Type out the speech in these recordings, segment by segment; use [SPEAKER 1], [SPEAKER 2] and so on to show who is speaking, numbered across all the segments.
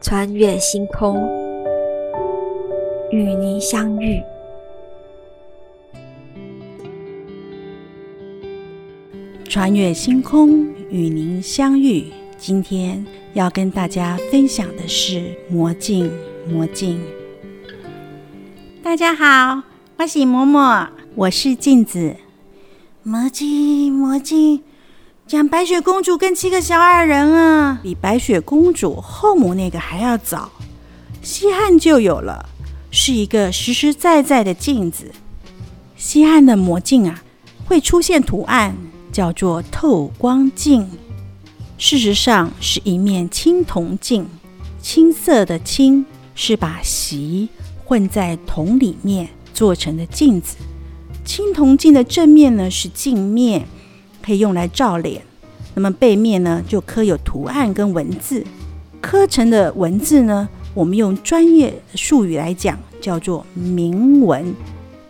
[SPEAKER 1] 穿越星空，與您相遇。穿越星空，與您相遇。今天要跟大家分享的是魔鏡，魔鏡。大家好，我是嬤嬤，我是鏡子。魔鏡，魔鏡。講白雪公主跟七個小矮人啊，比白雪公主後母那個還要早，西漢就有了，是一個實實在在的鏡子。西漢的魔鏡啊，會出現圖案，叫做透光鏡。事實上是一面青銅鏡，青色的青是把錫混在銅裡面做成的鏡子。青銅鏡的正面呢，是鏡面。可以用來照臉，那麼背面呢，就刻有圖案跟文字。刻成的文字呢，我們用專業術語來講叫做銘文。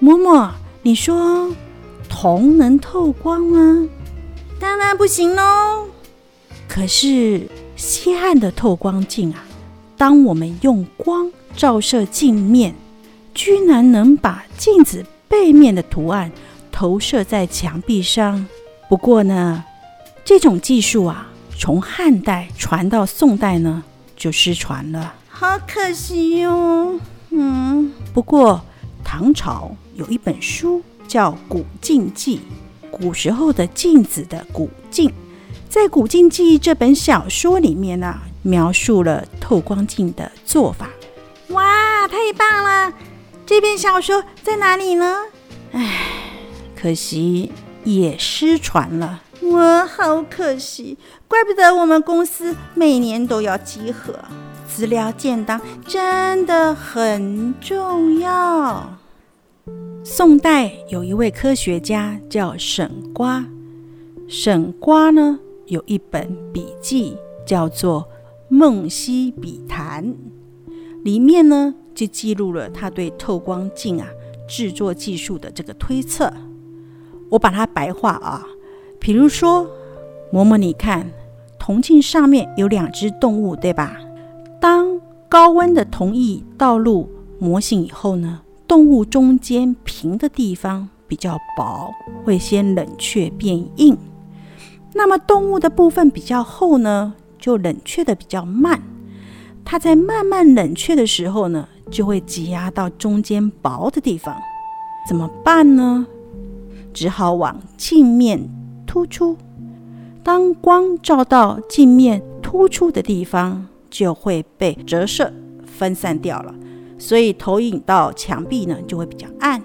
[SPEAKER 1] 嬤嬤，你說銅能透光嗎？當然不行嘍。可是西漢的透光鏡啊，當我們用光照射鏡面，居然能把鏡子背面的圖案投射在牆壁上。不過呢，這種技術啊，從漢代傳到宋代呢，就失傳了，好可惜喲、哦。嗯，不過唐朝有一本書叫《古鏡記》，古時候的鏡子的“古鏡”，在《古鏡記》這本小說裡面呢、啊，描述了透光鏡的做法。哇，太棒了！這篇小說在哪裡呢？唉，可惜。也失傳了，我好可惜。怪不得我們公司每年都要集合，資料建檔真的很重要。宋代有一位科學家叫沈括，沈括呢有一本筆記叫做《夢溪筆談》，裡面呢就記錄了他對透光鏡啊制作技術的這個推測。我把它白話啊，比如說，嬤嬤，你看銅鏡上面有兩隻動物，對吧？當高溫的銅液倒入模型以後呢，動物中間平的地方比較薄，會先冷卻變硬。那麼動物的部分比較厚呢，就冷卻得比較慢。它在慢慢冷卻的時候呢，就會擠壓到中間薄的地方。怎麼辦呢？只好往鏡面突出。當光照到鏡面突出的地方，就會被折射分散掉了，所以投影到牆壁呢，就會比較暗。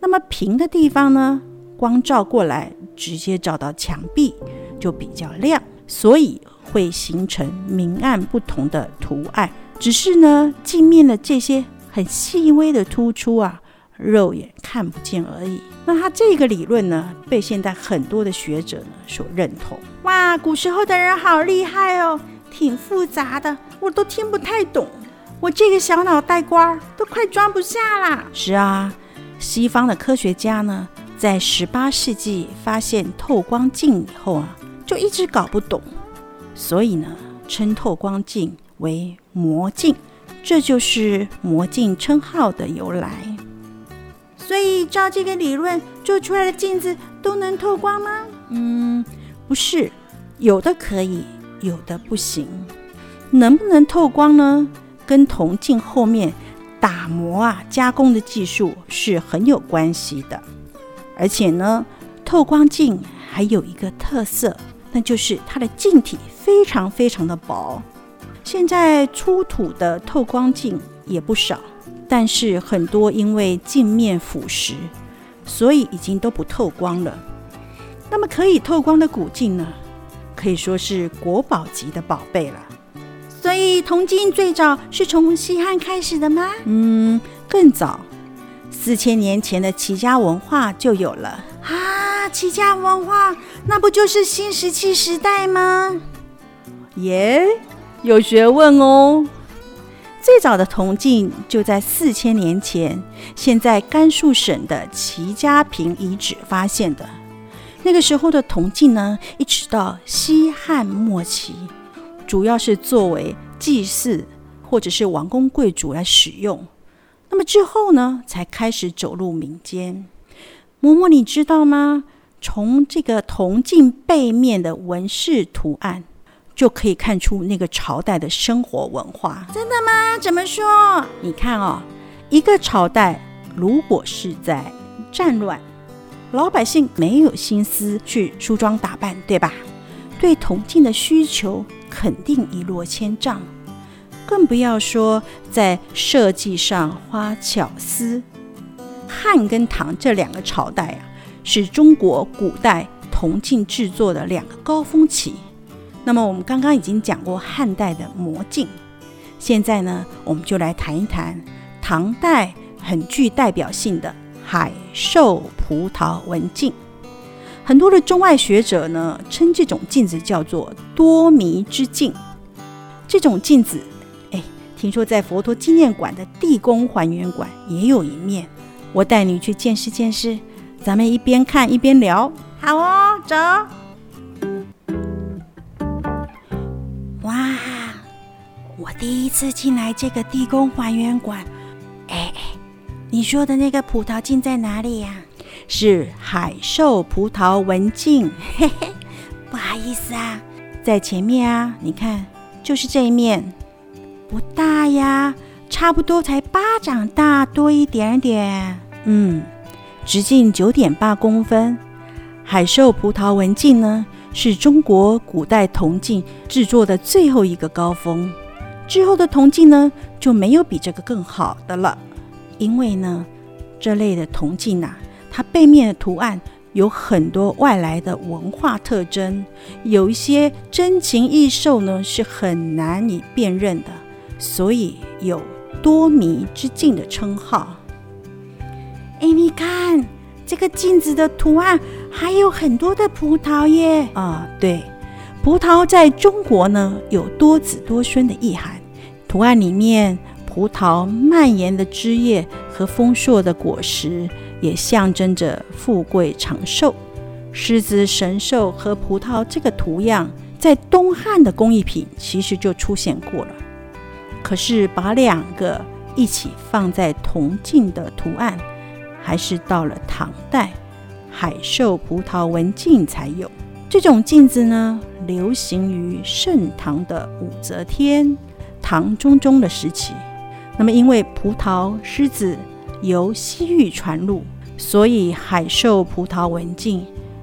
[SPEAKER 1] 那麼平的地方呢，光照過來直接照到牆壁就比較亮，所以會形成明暗不同的圖案。只是呢，鏡面的這些很細微的突出啊。肉眼看不見而已。那他這個理論呢，被現在很多的學者呢所認同。哇，古時候的人好厲害哦，挺複雜的，我都聽不太懂，我這個小腦袋瓜都快裝不下啦。是啊，西方的科學家呢，在十八世紀發現透光鏡以後啊，就一直搞不懂，所以呢，稱透光鏡為魔鏡，這就是魔鏡稱號的由來。所以，照這個理論做出來的鏡子都能透光嗎？嗯，不是，有的可以，有的不行。能不能透光呢？跟銅鏡後面打磨啊、加工的技術是很有關係的。而且呢，透光鏡還有一個特色，那就是它的鏡體非常非常的薄。現在出土的透光鏡也不少。但是很多因為鏡面腐蝕，所以已經都不透光了。那麼可以透光的古鏡呢，可以說是國寶級的寶貝了。所以銅鏡最早是從西漢開始的嗎？嗯，更早，四千年前的齊家文化就有了。啊，齊家文化那不就是新石器時代嗎？耶，yeah, 有學問哦。最早的銅鏡就在四千年前，現在甘肅省的齊家坪遺址發現的。那個時候的銅鏡呢，一直到西漢末期，主要是作為祭祀或者是王公貴族來使用。那麼之後呢，才開始走入民間。嬤嬤，你知道嗎？從這個銅鏡背面的紋飾圖案。就可以看出那個朝代的生活文化。真的嗎？怎麼說？你看哦，一個朝代如果是在戰亂，老百姓沒有心思去梳妝打扮，對吧？對銅鏡的需求肯定一落千丈。更不要說在設計上花巧思。漢跟唐這兩個朝代啊，是中國古代銅鏡制作的兩個高峰期。那麼我們剛剛已經講過漢代的魔鏡，現在呢，我們就來談一談唐代很具代表性的海獸葡萄紋鏡。很多的中外學者呢，稱這種鏡子叫做多謎之鏡。這種鏡子，哎，聽說在佛陀紀念館的地宮還原館也有一面，我帶你去見識見識，咱們一邊看一邊聊。好哦，走。我第一次進來這個地宮還原館，哎、欸，你說的那個葡萄鏡在哪裡呀？啊？是海獸葡萄紋鏡。嘿嘿，不好意思啊，在前面啊，你看，就是這一面，不大呀，差不多才巴掌大多一點點。嗯，直徑九點八公分。海獸葡萄紋鏡呢，是中國古代銅鏡製作的最後一個高峰。之後的銅鏡呢，就沒有比這個更好的了。因為呢，這類的銅鏡吶、啊，它背面的圖案有很多外來的文化特徵，有一些珍禽異獸呢是很難以辨認的，所以有多迷之鏡的稱號。誒你看這個鏡子的圖案還有很多的葡萄耶！啊、呃，對，葡萄在中國呢有多子多孫的意涵。圖案裡面，葡萄蔓延的枝葉和豐碩的果實，也象徵着富貴長壽。獅子神獸和葡萄這個圖樣，在東漢的工藝品其實就出現過了。可是把兩個一起放在銅鏡的圖案，還是到了唐代海獸葡萄紋鏡才有。這種鏡子呢，流行於盛唐的武則天，唐中宗的時期，那麼因為葡萄獅子由西域傳入，所以海獸葡萄紋鏡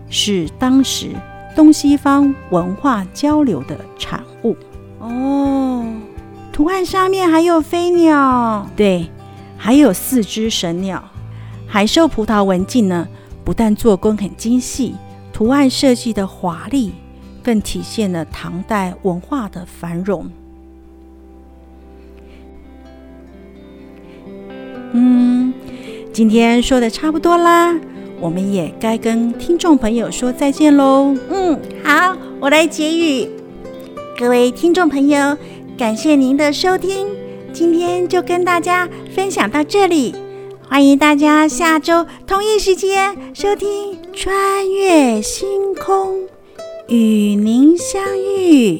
[SPEAKER 1] 是當時東西方文化交流的產物。哦，圖案上面還有飛鳥，對，還有四隻神鳥。海獸葡萄紋鏡呢，不但做工很精細，圖案設計的華麗，更體現了唐代文化的繁榮。嗯，今天說的差不多啦，我們也該跟聽眾朋友說再見嘍。嗯，好，我來結語，各位聽眾朋友，感謝您的收聽，今天就跟大家分享到這裡，歡迎大家下周同一時間收聽《穿越星空與您相遇》。